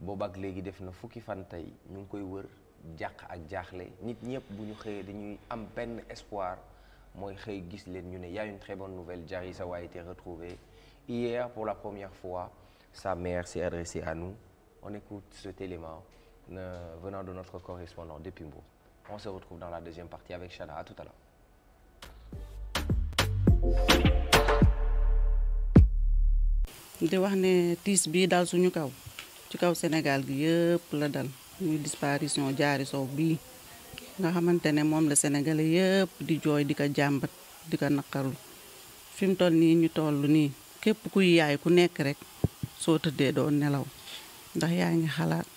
boobaak léegi def na fukki fan tey ñu ngi koy wër jàq ak jaaxle nit ñëpp bu ñu xëyee dañuy am benn espoir mooy xëy gis leen ñu ne y a une très bonne nouvelle Diary Sowa a été retrouvée hier pour la première fois sa mère s'est adressée à nous on écoute cet élément euh, venant de notre correspondant depuis Mbour on se retrouve dans la deuxième partie avec Chana à tout à l'heure di wax ne tiis bii daal suñu kaw ci kaw senegal gi yëpp la dal muy disparition jaari Sow bii nga xamante ne moom la sénégalais yëpp di jooy di ko jàmbat di ko naqarul fi mu toll nii ñu toll nii képp kuy yaay ku nekk rek soo tëddee doon nelaw ndax yaa ngi xalaat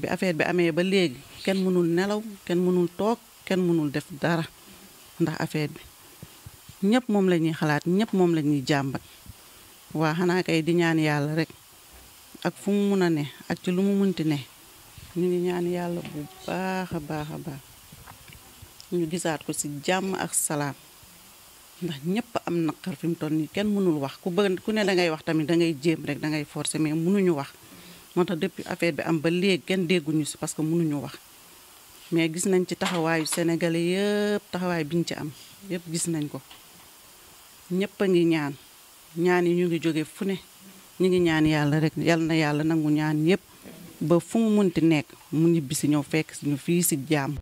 bi affaire bi amee ba léegi kenn mënul nelaw kenn mënul toog kenn mënul def dara ndax affaire bi ñëpp moom la ñuy xalaat ñëpp moom la ñuy jàmbat waa xanaa kay di ñaan yàlla rek ak fu mu mun a ne ak ci lu mu ti ne ñu ngi ñaan yàlla bu baax a baax a baax ñu gisaat ko ci jàmm ak salaam ndax ñëpp am naqar fi mu toll nii kenn mënul wax ku bëgg ku ne dangay wax tamit da ngay jéem rek dangay ngay forcer mais mënuñu wax moo tax depuis affaire bi am ba léegi kenn dégguñu si parce que mënuñu wax mais gis nañ ci taxawaayu sénégalais yëpp taxawaay biñ ci am yëpp gis nañ ko ñëpp a ngi ñaan ñaan yi ñu ngi jóge fu ne ñu ngi ñaan yàlla rek yal na yàlla nangu ñaan yëpp ba fu mu munti nekk mu ñibbi si ñëw fekk si ñu fii si jàmm.